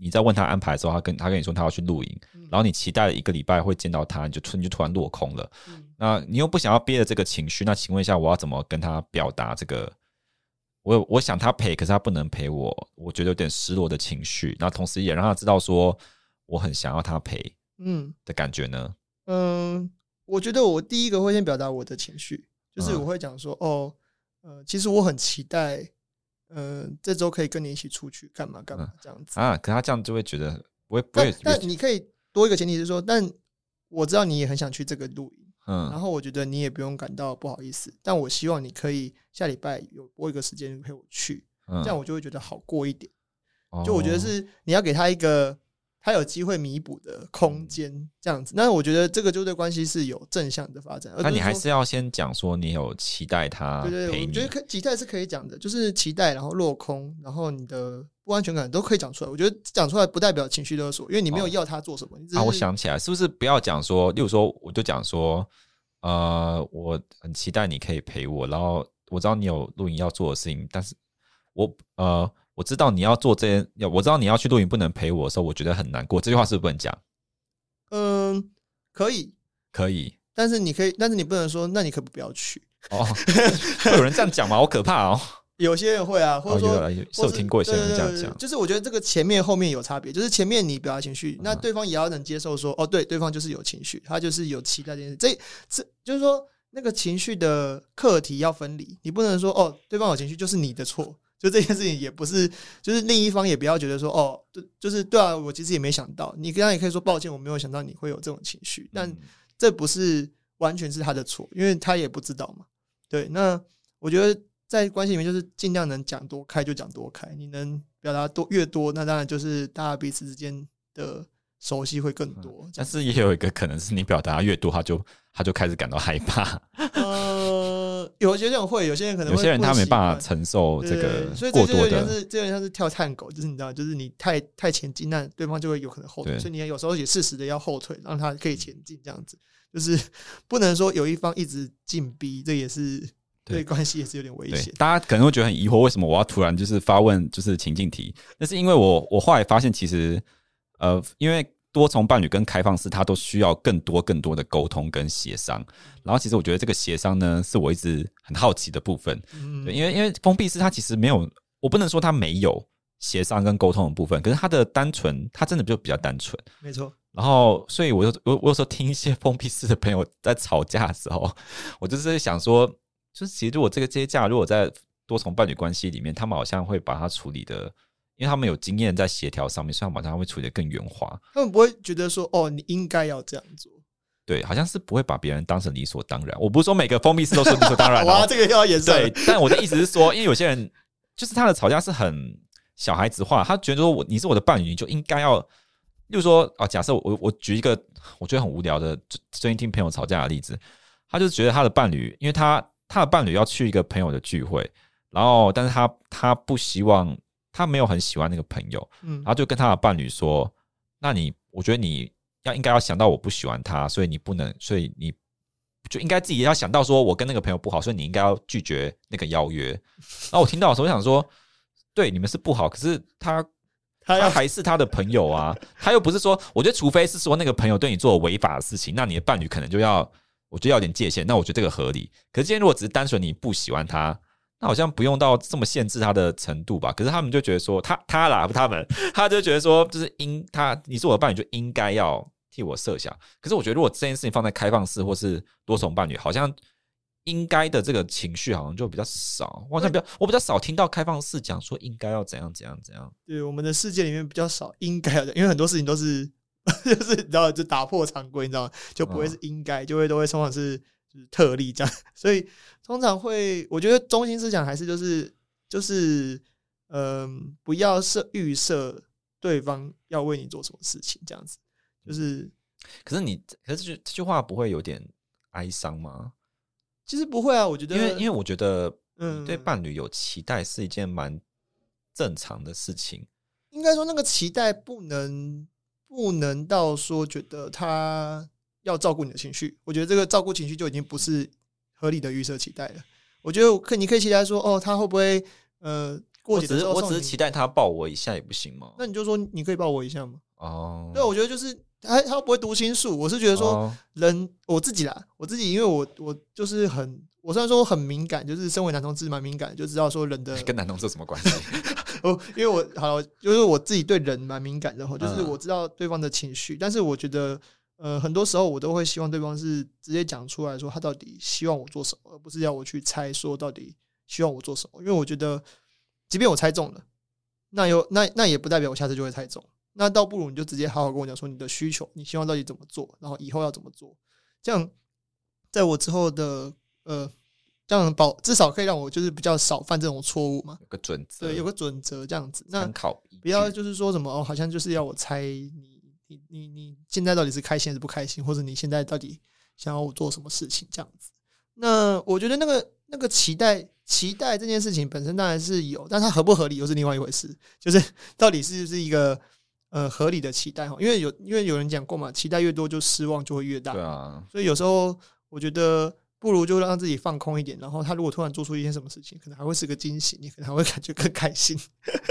你在問他安排的時候，他跟他跟你說他要去露營、嗯，然後你期待了一個禮拜會見到他，你就突就突然落空了、嗯。那你又不想要憋着這個情緒，那請問一下，我要怎麼跟他表達這個？我我想他陪，可是他不能陪我，我覺得有點失落的情緒。那同時也讓他知道說我很想要他陪，嗯的感覺呢嗯？嗯，我覺得我第一個會先表達我的情緒，就是我會講說，嗯、哦，呃，其實我很期待。呃，這週可以跟你一起出去幹嘛幹嘛這樣子、嗯、啊？可他這樣就會覺得不會不會。但你可以多一個前提是說，但我知道你也很想去這個露營，嗯，然後我覺得你也不用感到不好意思，但我希望你可以下禮拜有多一個時間陪我去、嗯，這樣我就會覺得好過一點。就我覺得是你要給他一個。還有機會彌補的空間，這樣子、嗯，那我覺得這個就對關係是有正向的發展。那你還是要先講說你有期待他陪你。對對對。我覺得期待是可以講的，就是期待然後落空，然後你的不安全感都可以講出來。我覺得講出來不代表情緒勒索，因為你沒有要他做什麼。哦、啊，我想起來，是不是不要講說，例如說，我就講說，呃，我很期待你可以陪我，然後我知道你有錄音要做的事情，但是我呃。我知道你要做這些，我知道你要去露營不能陪我的時候，我覺得很難過。這句話是不是不能講？嗯，可以，可以。但是你可以，但是你不能說，那你可不不要去哦。 *laughs* *laughs* 有人這樣講嗎？好可怕哦。有些人會啊，或者說，我、哦、聽過有些人這樣講，就是我覺得這個前面後面有差別，就是前面你表達情緒、嗯，那對方也要能接受說。說哦，對，對方就是有情緒，他就是有期待。件事。這這就是說，那個情緒的課題要分離，你不能說哦，對方有情緒就是你的錯。就這件事情也不是，就是另一方也不要覺得說哦，就就是對啊，我其實也沒想到。你跟他也可以說抱歉，我沒有想到你會有這種情緒，但這不是完全是他的錯，因為他也不知道嘛。對，那我覺得在關係裡面就是盡量能講多開就講多開，你能表達多越多，那當然就是大家彼此之間的熟悉會更多。但是也有一個可能是，你表達越多，他就他就開始感到害怕。 *laughs* 嗯有些人會，有些人可能會，有些人他沒辦法承受這個過多的。對對對，所以這就有點像是，這就像是跳探戈，就是你知道，就是你太太前進，那對方就會有可能後退，所以你有時候也適時的要後退，讓他可以前進，這樣子、嗯、就是不能說有一方一直進逼，這也是對，對關係也是有點危險。大家可能會覺得很疑惑，為什麼我要突然就是發問，就是情境題？那是因為我我後來發現，其實呃，因為。多重伴侶跟開放式，他都需要更多更多的溝通跟協商。然後，其實我覺得這個協商呢，是我一直很好奇的部分。嗯，對，因為因為封閉式，他其實沒有，我不能說他沒有協商跟溝通的部分，可是他的單純，他真的就比較單純，沒錯。然後，所以我就我我有時候聽一些封閉式的朋友在吵架的時候，我就是在想說，就是其實如果這個接架，如果在多重伴侶關係裡面，他們好像會把它處理得。因為他們有經驗在協調上面，所以好像他們馬上會處理得更圓滑。他們不會覺得說：“哦，你應該要這樣做。”對，好像是不會把別人當成理所當然。我不是說每個封閉式都是理所當然。 *laughs* 哇，這個要延伸。對， *laughs* 但我的意思是說，因為有些人就是他的吵架是很小孩子化，他覺得說我：“我你是我的伴侶，你就應該要。說”就說啊，假設我我舉一個我覺得很無聊的，無聊的最近聽朋友吵架的例子，他就覺得他的伴侶，因為他他的伴侶要去一個朋友的聚會，然後但是他他不希望。他沒有很喜歡那個朋友，嗯，然後就跟他的伴侶說：“嗯、那你，我覺得你要應該要想到我不喜歡他，所以你不能，所以你就應該自己要想到，說我跟那個朋友不好，所以你應該要拒絕那個邀約。 *laughs* ”然後我聽到的時候我想說：“對，你們是不好，可是他他還是他的朋友啊，他，他又不是說，我覺得除非是說那個朋友對你做違法的事情，那你的伴侶可能就要，我覺得要有點界限，那我覺得這個合理。可是今天如果只是單純你不喜歡他。”那好像不用到這麼限制他的程度吧？可是他們就覺得說他他啦不他們他就覺得說就是應他你是我的伴侶，就應該要替我設想。可是我覺得如果這件事情放在開放式或是多重伴侶，好像應該的這個情緒好像就比較少，我好像比較、嗯、我比較少聽到開放式講說應該要怎樣怎樣怎樣。對，我們的世界裡面比較少應該，因為很多事情都是就是你知道就打破常規，你知道就不會是應該，嗯、就會都會通常是特例這樣，所以通常會，我覺得中心思想還是就是就是，嗯、呃，不要設預設對方要為你做什麼事情這樣子，就是。可是你可是這這句話不會有點哀傷嗎？其實不會啊，我覺得，因為因為我覺得，嗯，對伴侶有期待是一件蠻正常的事情。嗯、應該說，那個期待不能不能到說覺得他。要照顧你的情緒，我覺得這個照顧情緒就已經不是合理的預設期待了。我覺得可你可以期待說，哦，他會不會呃過節？我只是，我只是期待他抱我一下也不行嗎？那你就說，你可以抱我一下嗎？哦、oh.，對，我覺得就是他他不會讀心術。我是覺得說人、oh. 我自己啦，我自己因為我我就是很我雖然說我很敏感，就是身為男同志蠻敏感，就知道說人的跟男同志有什麼關係？ *laughs* 哦，因為我好就是我自己對人蠻敏感的，然、uh. 後就是我知道對方的情緒，但是我覺得。呃，很多時候我都會希望對方是直接講出來說他到底希望我做什麼，而不是要我去猜說到底希望我做什麼。因為我覺得，即便我猜中了，那又那那也不代表我下次就會猜中。那倒不如你就直接好好跟我講說你的需求，你希望到底怎麼做，然後以後要怎麼做。這樣，在我之後的呃，這樣保至少可以讓我就是比較少犯這種錯誤嘛。有個準則，對，有個準則這樣子，那不要就是說什麼哦，好像就是要我猜你、你你現在到底是開心還是不開心，或者你現在到底想要做什麼事情這樣子？那我覺得那個那個期待期待這件事情本身當然是有，但它合不合理又是另外一回事。就是到底是是一個呃合理的期待，因為有因為有人講過嘛，期待越多就失望就會越大，對啊。所以有時候我覺得。不如就讓自己放空一點，然後他如果突然做出一些什麼事情，可能還會是個驚喜，你可能還會感覺更開心。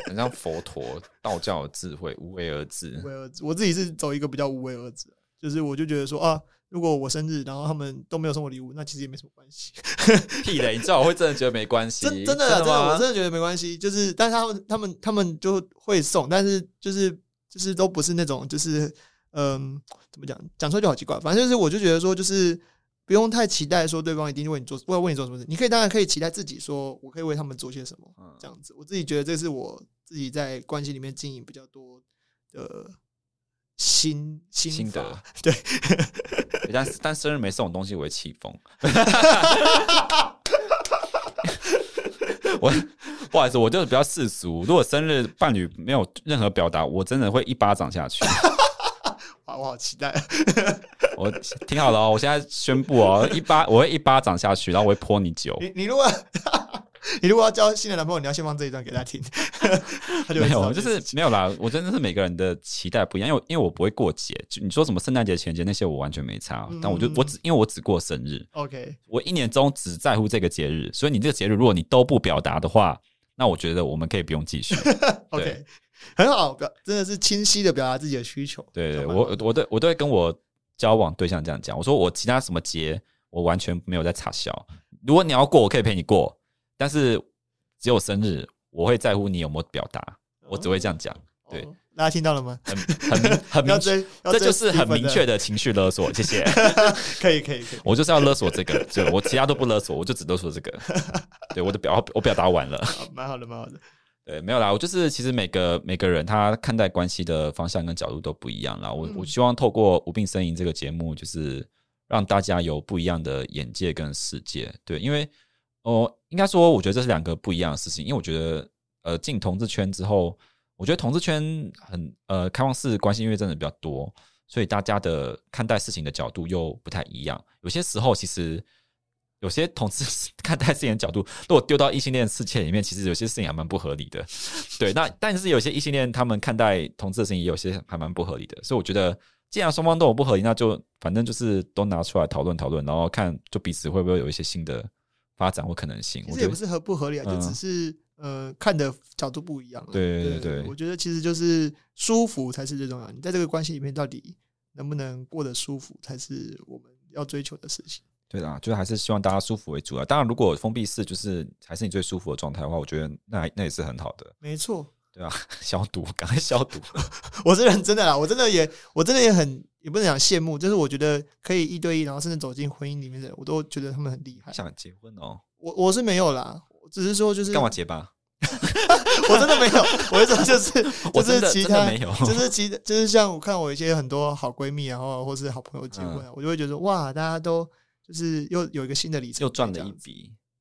很像佛陀、道教的智慧，無為而治。無為而治，我自己是走一個比較無為而治，就是我就覺得說啊，如果我生日，然後他們都沒有送我禮物，那其實也沒什麼關係。屁嘞！你知道我會真的覺得沒關係。 *laughs* 真的真的真的，我真的覺得沒關係。就是，但是他們他們他們就會送，但是就是就是都不是那種，就是嗯、呃，怎麼講講出來就好奇怪。反正就是，我就覺得說，就是。不用太期待說對方一定為你做，不知道為你做什麼事。你可以當然可以期待自己說，我可以為他們做些什麼這樣子，嗯。我自己覺得這是我自己在關係裡面經營比較多的心心得。對， *laughs* 但但生日沒送我東西，我會氣瘋。我不好意思，我就是比較世俗。如果生日伴侶沒有任何表達，我真的會一巴掌下去。 *laughs* 我好期待！ *laughs* 我聽好了哦，我現在宣布哦，一巴我會一巴掌下去，然後我會潑你酒。你你如果 *laughs* 你如果要交新的男朋友，你要先放這一段給他聽。 *laughs* 他聽。沒有，就是沒有啦。我真的是每個人的期待不一樣，因為因為我不會過節，就你說什麼聖誕節、情人節那些，我完全沒差。嗯、但我就我只因為我只過生日，OK，我一年中只在乎這個節日，所以你這個節日如果你都不表達的話，那我覺得我們可以不用繼續、 *laughs* okay. 對。很好，表真的是清晰的表達自己的需求。對，對，對，對，我我都我都會跟我交往對象這樣講。我說我其他什麼節，我完全沒有在插銷。如果你要過，我可以陪你過，但是只有生日我會在乎你有沒有表達。我只會這樣講。對，哦、大家聽到了嗎？很很很明，很明， *laughs* 這就是很明確的情緒勒索。謝謝。 *laughs* 可以可以，可以我就是要勒索這個，就 *laughs* 我其他都不勒索，我就只勒索這個。 *laughs* 對，我的表我表達完了，蠻好，好的，蠻好的。對，沒有啦，我就是其實每個每個人他看待關係的方向跟角度都不一樣啦。我我希望透過無病呻吟這個節目，就是讓大家有不一樣的眼界跟世界。對，因為哦，呃，應該說我覺得這是兩個不一樣的事情。因為我覺得，呃，進同志圈之後，我覺得同志圈很呃開放式關係，因為真的比較多，所以大家的看待事情的角度又不太一樣。有些時候其實。有些同志看待事情的角度，如果丟到異性戀事件裡面，其實有些事情還蠻不合理的。對，那但是有些異性戀他們看待同志的事情，也有些還蠻不合理的。所以我覺得，既然雙方都有不合理，那就反正就是都拿出來討論討論，然後看就彼此會不會有一些新的發展或可能性。其實也不是合不合理啊，嗯，就只是呃看的角度不一樣。對對對，對，我覺得其實就是舒服才是最重要。你在這個關係裡面到底能不能過得舒服，才是我們要追求的事情。對啊，就是還是希望大家舒服為主啊。當然，如果封閉式就是還是你最舒服的狀態的話，我覺得那那也是很好的。沒錯，對啊，消毒，趕快消毒。 *laughs* 我這人真的啦，我真的也，我真的也很，也不能講羨慕，就是我覺得可以一對一，然後甚至走進婚姻裡面的人，我都覺得他們很厲害。想結婚哦？我我是沒有啦，只是說就是幹嘛結巴？ *laughs* 我真的沒有，我是就是 *laughs* 我、就是其他沒有，就是其就是像我看我一些很多好閨蜜、啊，然後或者是好朋友結婚、啊嗯，我就會覺得哇，大家都。就是又有一個新的里程，又賺了一筆，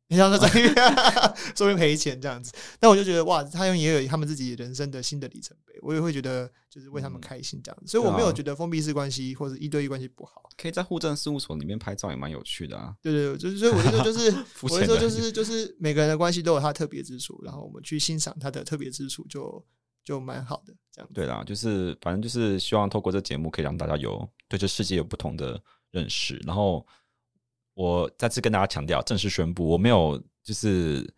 你不要說賺一筆，說明賠錢這樣子。但我就覺得哇，他們也有他們自己人生的新的里程碑，我也會覺得就是為他們開心這樣子。所以我沒有覺得封閉式關係或者一對一關係不好，嗯。可以在戶政事務所裡面拍照也蠻有趣的啊。啊、對對，就是所以我覺得就是， *laughs* 我說就是就是每個人的關係都有它特別之處，然後我們去欣賞它的特別之處就就蠻好的這樣。對啦，就是反正就是希望透過這節目可以讓大家有對這世界有不同的認識，然後。我再次跟大家強調，正式宣布，我沒有就是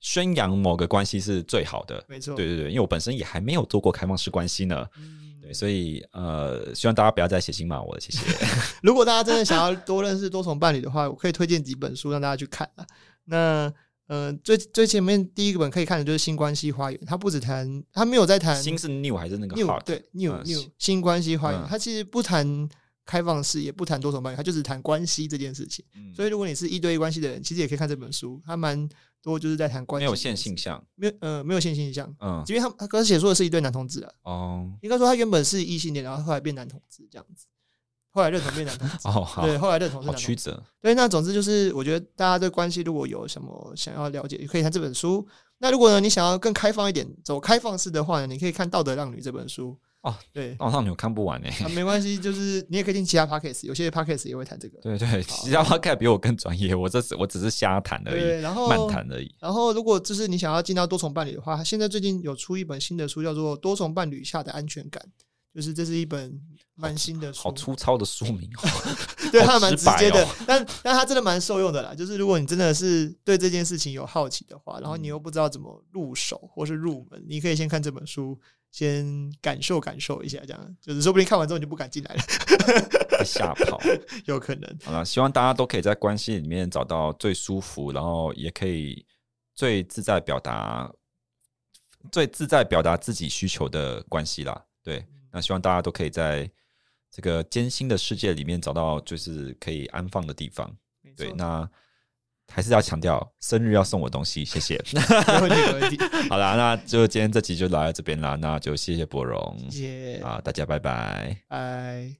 宣揚某個關係是最好的，沒錯，對對對，因為我本身也還沒有做過開放式關係呢、嗯，對，所以呃，希望大家不要再寫信罵我，謝謝。 *laughs* 如果大家真的想要多認識多重伴侶的話， *laughs* 我可以推薦幾本書讓大家去看啊。那呃，最最前面第一個本可以看的就是《新關係花園》，他不只談，他沒有在談新是 new 還是那個 heart 對 new new、嗯、新關係花園，他、嗯、其實不談。開放式也不談多重伴侶，他就是談關係這件事情。嗯、所以如果你是一對一關係的人，其實也可以看這本書。他蠻多就是在談關係，沒有線性向，沒有呃沒有線性向，嗯，因為他他剛才寫說的是一對男同志啊，哦，應該說他原本是異性戀，然後後來變男同志這樣子，後來認同變男同志，哦、好好對，後來認同是男同志曲折。對，那總之就是我覺得大家對關係如果有什麼想要了解，也可以看這本書。那如果呢你想要更開放一點，走開放式的話呢，你可以看《道德浪女》這本書。哦，對，網、哦、上你有看不完哎，、啊，沒關係，就是你也可以聽其他 podcast *laughs* 有些 podcast 也會談這個。對對，對，其他 podcast 比我更專業，我這是我只是瞎談而已，對然後慢談而已。然後，如果就是你想要進到多重伴侶的話，現在最近有出一本新的書，叫做《多重伴侶下的安全感》，就是這是一本。蠻新的書。好，好粗糙的書名， *laughs* 對、哦、他蠻直接的，但但他真的蠻受用的啦。就是如果你真的是對這件事情有好奇的話，然後你又不知道怎麼入手或是入門，嗯、你可以先看這本書，先感受感受一下，這樣就是說不定看完之後你就不敢進來了，嚇跑， *laughs* 有可能。好了，希望大家都可以在關係裡面找到最舒服，然後也可以最自在表達、最自在表達自己需求的關係啦。對，那希望大家都可以在。這個艱辛的世界裡面找到就是可以安放的地方，對，那還是要強調生日要送我東西，謝謝。 *laughs* *laughs* *laughs* *laughs* 好啦。那就今天這集就來到這邊啦。那就謝謝柏榮，謝謝啊，大家拜拜，拜。